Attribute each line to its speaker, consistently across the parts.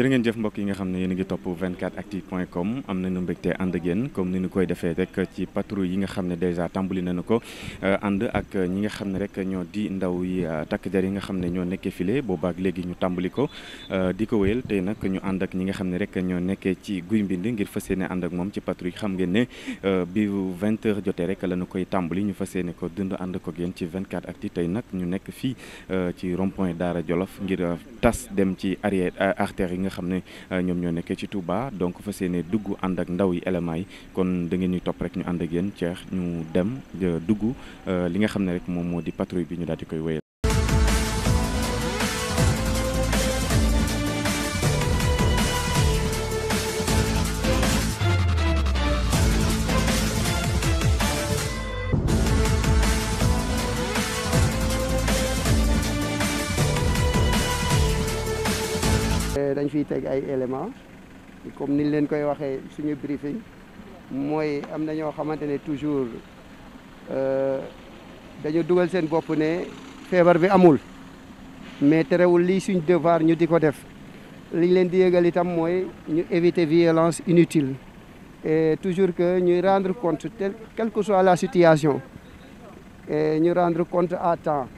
Speaker 1: jërë ngeen jëf mbokk yi nga xam ne yéen a ngi topp 24actu point com am nañu mbégte ànd ak comme ni ñu koy defee rek ci patrouille yi nga xam ne dèjà tàmbali nañu ko euh, ànd ak ñi nga xam ne rek ñoo di ndaw yi euh, takk der yi nga xam ne ñoo nekkee boobaak léegi ñu tàmbali ko euh, di ko wéyal nag ñu ànd ak ñi nga xam ne rek ñoo nekkee ci guy mbind ngir fas yéene ànd ak moom ci patrouille xam ngeen ne bi 20 heures jotee rek la ñu koy tàmbali ñu fas yéene ko dund ànd ko yéen ci vingt 24actu tey nag ñu nekk fii ci rond point Daara Jolof ngir tas dem ci arrière artère yi xam ne euh, ñoom ñoo nekkee ci Touba donc fa yéene dugg ànd ak ndaw yi éléments yi kon da ngeen ñuy topp rek ñu ànd a yéen ceex ñu dem euh, dugg euh, li nga xam ne rek moom moo di patrouille bi ñu daal di koy wéyal
Speaker 2: teg ay éléments comme niñ leen koy waxee suñu briefing mooy am na ñoo xamante ne toujours euh, dañu dugal seen bopp ne feebar bi amul mais terewul lii suñ devoir ñu di ko def liñ leen di yëgal itam mooy ñu éviter violence inutile et toujours que ñuy rendre compte tel quelle soit la situation ñu rendre compte à temps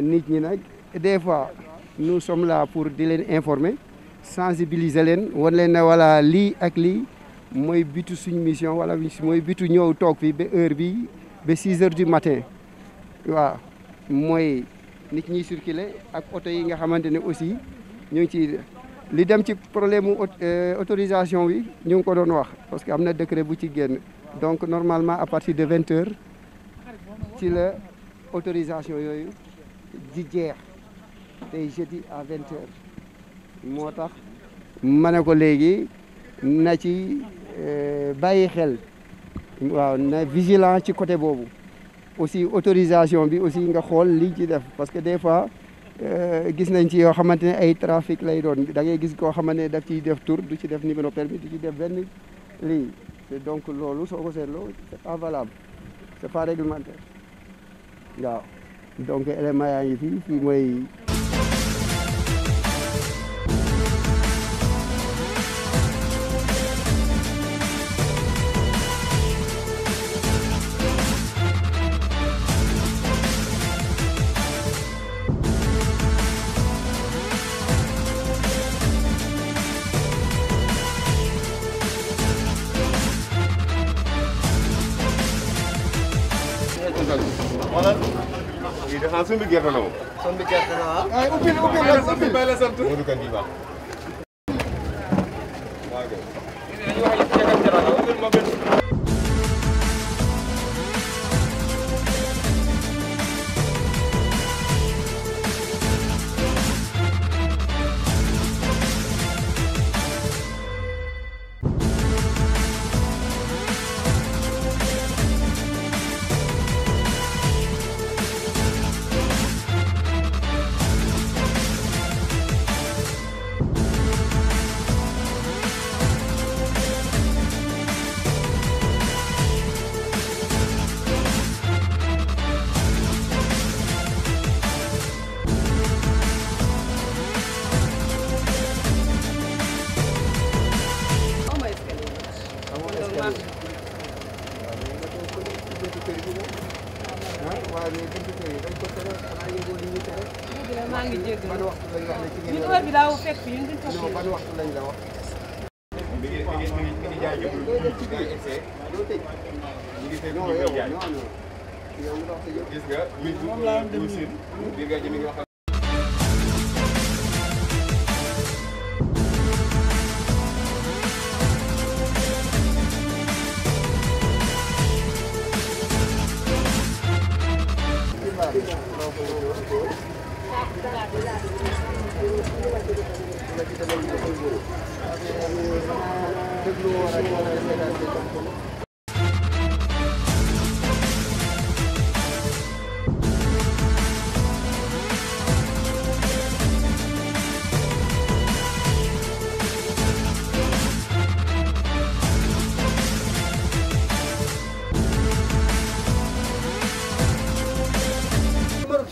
Speaker 2: nit ñi nag des fois nous some la pour di leen informer sensibiliser leen wan leen ne voilà lii ak lii mooy bitu suñ mission wala mooy bitu ñëw toog fii ba heure bii ba six heures du matin waaw mooy nit ñi circuler ak oto yi nga xamante ne aussi ñu ngi ci li dem ci problème mu euh, autorisation bi ñu ngi ko doon wax parce que am na décret bu ci génn donc normalement à partir de vingt heures ci la autorisation yooyu di jeex tey jeudi à vingt heures moo tax ma ne ko léegi na ci euh, bàyyi xel waaw na vigilant ci côté boobu aussi autorisation bi aussi nga xool li ci def parce que des fois euh, gis nañ ci yoo xamante ne ay trafic lay doon da ngay gis koo xamante ne daf ciy def tour du ci def numéro permis du ci def benn lii te donc loolu soo ko seetloo c'est pas valable c'est pas réglementaire waaw donc élément yaa ngi fii mooy
Speaker 1: ah sëñ bi gerte la moom. sëñ
Speaker 2: bi gerte la ah.
Speaker 3: waaye ubbi ubbi la sant
Speaker 1: bi la sant. Modou Kane di baax. waaw kay. gis nga moom laa dem bi nga ji mi ngi wax Thank you.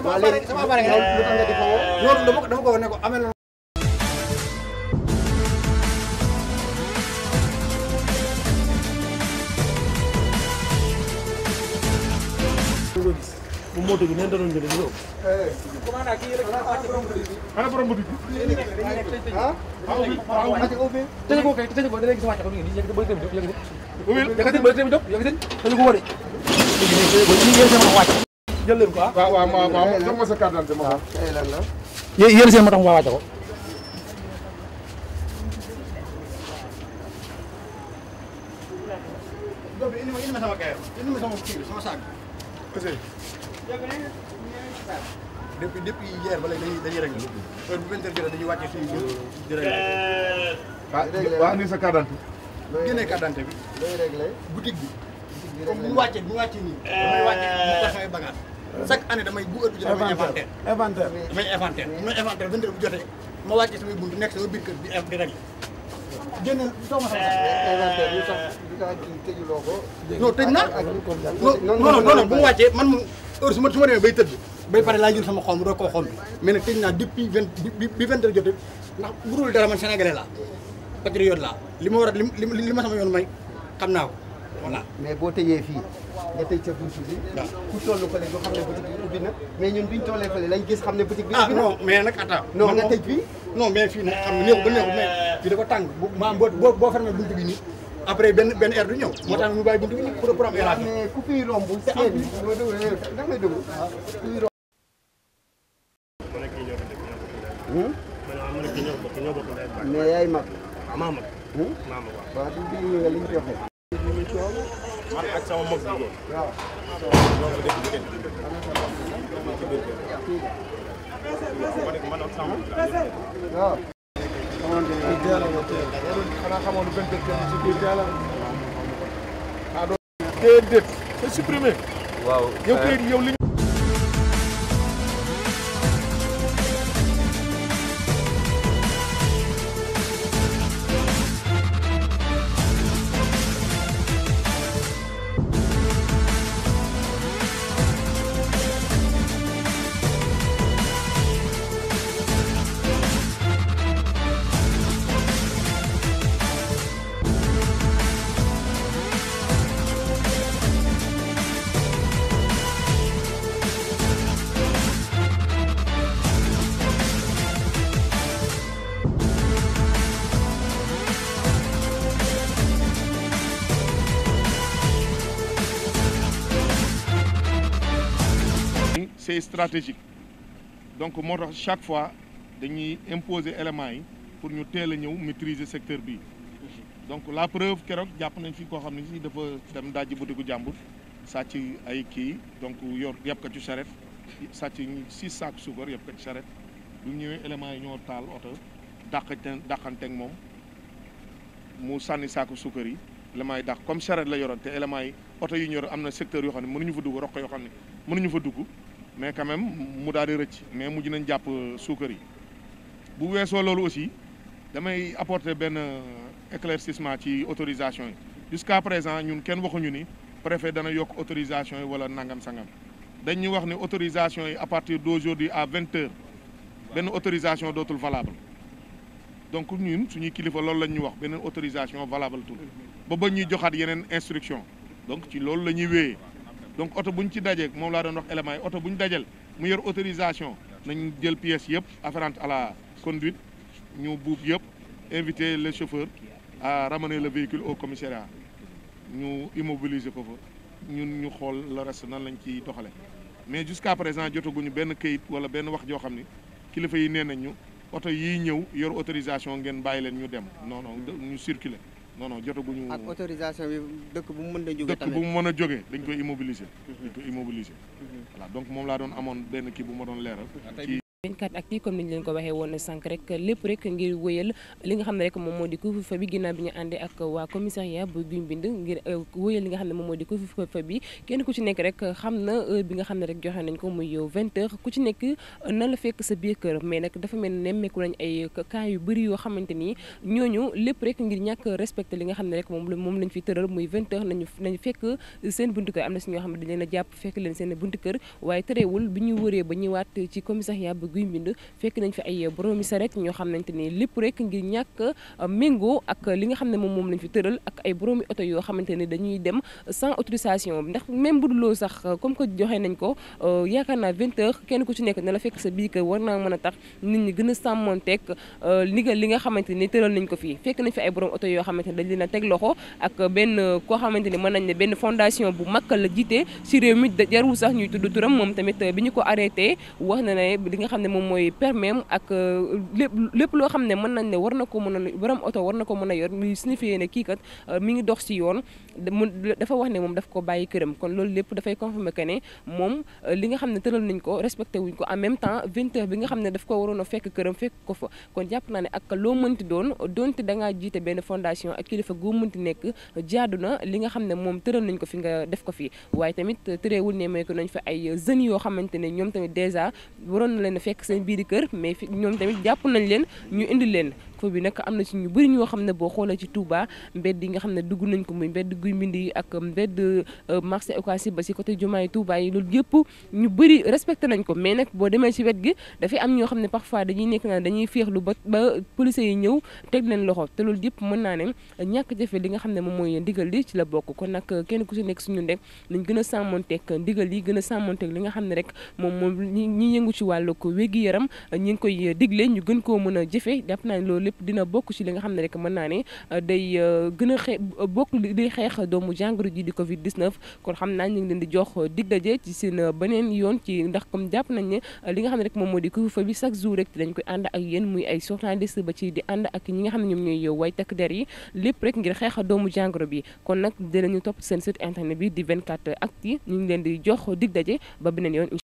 Speaker 1: sama pare sama pare nga lu tax nga di ko woo loolu eh. dama ko dama ko ne ko amel na
Speaker 3: bu moto bi neen danoon jëlee ñëw.
Speaker 1: commandant kii rek ana borom boutique bi. ah waaw waaw
Speaker 3: tëj ko kay tëj
Speaker 1: ko da ngay gis waa Jokalante nii yëkkati bëri tamit yëkkati. yëkkati bëri tamit yëkkati. tëj ko woo de.
Speaker 3: jël leen ko ah. waaw waaw waaw ma sa carte d'identité ma ko. waaw
Speaker 1: yéen seen moo tax mu wàcce ko. depuis depuis hier ba léegi dañuy dañuy réglé bu 20 di réglé.
Speaker 3: Ah, waaw waaw sa carte d'identité. génne carte bi.
Speaker 1: looy bi. boutique bi réglé comme bu ñu wàccee bu ñu nii. damay wàccee mu tax ay chaque année damay bu heure bi jotee damay inventaire inventaire damay inventaire bu may inventaire vingt heures bu jotee ma wàccee samay buntu nekk sama biir kër di di régler génn soo ma euh,
Speaker 2: non tëj na non non non bu mu
Speaker 1: wàccee man moom heure su ma su ma demee bay tëdd bay pare laa jël sama xoom rek koo xoom bi mais nag tëj naa depuis vingt bi vingt heures jotee ndax bu dul dara man sénégalais laa patriote laa li ma war a li ma sama yoon may xam naa ko voilà mais boo tëjee fii nga tëj sa boutique bi. ku toll fële du xam ne boutique bi ubbi na mais ñun biñ tollee fële lañ gis xam ne boutique bi. ah non mais nag attends. non nga tëj bi non mais fii nag xam nga néew ba néew dafa tàng bu boo boo fermé buntu bi nii. benn benn air du ñëw. moo tax ñu bàyyi buntu bi nii pour pour am élargi. mais ku fiy romb seen bi nga may dugg waaw. mag.
Speaker 4: man ak
Speaker 3: sama mag bu
Speaker 1: góor ñoo ko def diggante ci biir
Speaker 3: kër man ak sama waaw xanaa xamoon lu benn dëkk ci biir jaala ah doo déedéet c'est supprimé
Speaker 2: waaw yow kay
Speaker 3: yow li données stratégiques donc moo tax chaque fois dañuy imposer éléments yi pour ñu teel a ñëw maîtriser secteur bi donc la preuve keroog jàpp nañ fi koo xam ne si dafa dem dajji butigu jàmbur sàcc ay kii donc yor yàpp ko ci charette sàcc six sacs suukar yàpp ko ci charette bu ñëwee éléments yi ñoo taal oto dàqante dàqanteeg moom mu sànni saaku suukar yi éléments yi dàq comme charette la yoroon te éléments yi oto yi ñor am na secteur yoo xam ne mënuñu fa dugg roq yoo xam ne mënuñu fa dugg mais quand même mu daal di rëcc mais mujj nañ jàpp suukar yi bu weesoo loolu aussi damay apporter benn éclaircissement ci autorisation yi jusqu'à présent ñun kenn waxuñu ni préfet dana yokk autorisation yi wala nangam sangam dañ ñu wax ne autorisation yi à partir di à vingt heures benn autorisation dootul valable donc ñun suñuy kilifa loolu la ñuy wax beneen autorisation valable tout ba ba ñuy joxaat yeneen instruction donc ci loolu la ñuy wéyee donc oto bu ñu ci dajee moom laa doon wax éléments yi oto bu ñu dajal mu yor autorisation nañ jël pièces yëpp afférentes à la conduite ñu buub yëpp invité le chauffeur a ramener le véhicule au commissariat ñu immobiliser ko fa ñun ñu xool le reste nan lañ ciy doxale mais jusqu'à présent jotaguñu benn kayit wala benn wax joo xam ni kilifa yi nee nañ ñu oto yiy ñëw yor autorisation ngeen bàyyi leen ñu dem non non ñu circuler non non jotaguñu. ak
Speaker 2: autorisation bi dëkk bu mu mën a jógee tamit bu mu mën a jógee dañ koy
Speaker 3: immobiliser. Mhm. dañ koy immobiliser. Mhm. voilà donc moom laa doon amoon benn kii bu ma doon leeral. Ah,
Speaker 4: 24 actu comme niñ leen ko waxee woon sànq rek lépp rek ak waa euh, li nga xam ne moom moo di couvre-feu ci nekk rek fekk sa biir kër mais nag dafa mel ne nemmeeku nañ ay cas yu yoo xamante ni ñooñu lépp rek ngir ñàkk respecté li nga xam ne rek moom moom fi tëral muy 20 nañu fekk seen buntu kër am na si ñoo xam ne dañ leen a jàpp fekk leen seen buntu kër waaye terewul bi ñu wëree ba ñëwaat ci commissariat bu guy mbind fekk nañ fi ay boroomi saret ñoo xamante ni lépp ngir ñàkk euh, méngoo ak li nga xam ne moom moom lañ fi tëral ak yoo xamante ni dañuy dem sans autorisation ndax même bu dul loo sax comme que joxe nañ ko euh, yaakaar naa vingt heures kenn ku ci nekk na a tax nit ñi gën a sàmmonteeg euh, ndigal li nga xamante ni tëral nañ ko fii fekk nañ fi ay borom oto yoo xamante ni dañ a teg loxo ak benn koo xamante ni mën nañ ne benn fondation bu mag la jiite si réew mi jarul sax ñuy tudd turam moom tamit bi ñu ko arrêté wax na ne li nga xam ne moom mooy permis ak euh, lépp lépp loo xam ne mën nañ ne war na ko mën a borom oto war na ko mën a yor muy fii ne kii kat euh, mi ngi dox si yoon dafa wax ne moom daf ko bàyyi këram kon loolu lépp dafay confirmer que ne moom euh, li nga xam ne tëral nañ ko respecté wuñ ko en même temps vingt bi nga xam ne daf ko waroon a fekk këram fekk ko fa kon jàpp naa ne ak loo mënti doon donte da ngaa jiite benn fondation ak kilifa goo mënti nekk jaadu na li nga xam ne moom tëral nañ ko fi nga def ko fii waaye tamit tëreewul ne may ko nañ fa ay jeunes yoo xamante ne ñoom tamit dèjà waroon na leen fekk seen biir kër mais fi ñoom tamit jàpp nañ leen ñu indi leen fo bi nag am na ci ñu bëri ñoo xam ne boo xoolee ci Touba mbedd yi nga xam ne dugg nañ ko muy mbedd guy mbind yi ak mbedd euh, marché Ocass ba si côté jumaay Touba yi loolu yëpp ñu bëri respecté nañ ko mais nag boo demee ci wet gi dafay am ñoo xam ne parfois dañuy nekk naan dañuy féexlu ba ba police yi teg leen loxo te loolu yëpp mën naa ne ñàkk jafe li nga xam ne moom mooy ndigal li ci la bokk kon nag kenn ku si nekk suñu ndek nañ gën a sàmmonteeg ndigal yi gën a sàmmonteeg li nga xam ne rek moom moom ñi yëngu ci wàllu ko wér gi ngi koy digle ñu gën koo mën a jëfe jàpp naa loolu lépp dina bokk ci li nga xam ne rek mën naa ne euh, day euh, gën a xee euh, bokk di xeex doomu jàngoro ji di Covid 19 kon xam naa ñu ngi leen di jox dig daje ci seen beneen yoon ci ndax comme jàpp nañ ne li nga xam ne rek moom moo di couvre-feu bi chaque jour rek dañ koy ànd ak yéen muy ay journaliste ba ci di ànd ak ñi nga xam ne ñoom ñooy way takk der yi lépp rek ngir xeex doomu jàngoro bi kon nag ñu topp seen site internet bi di 24 actu ñu ngi leen di jox dig daje ba beneen yoon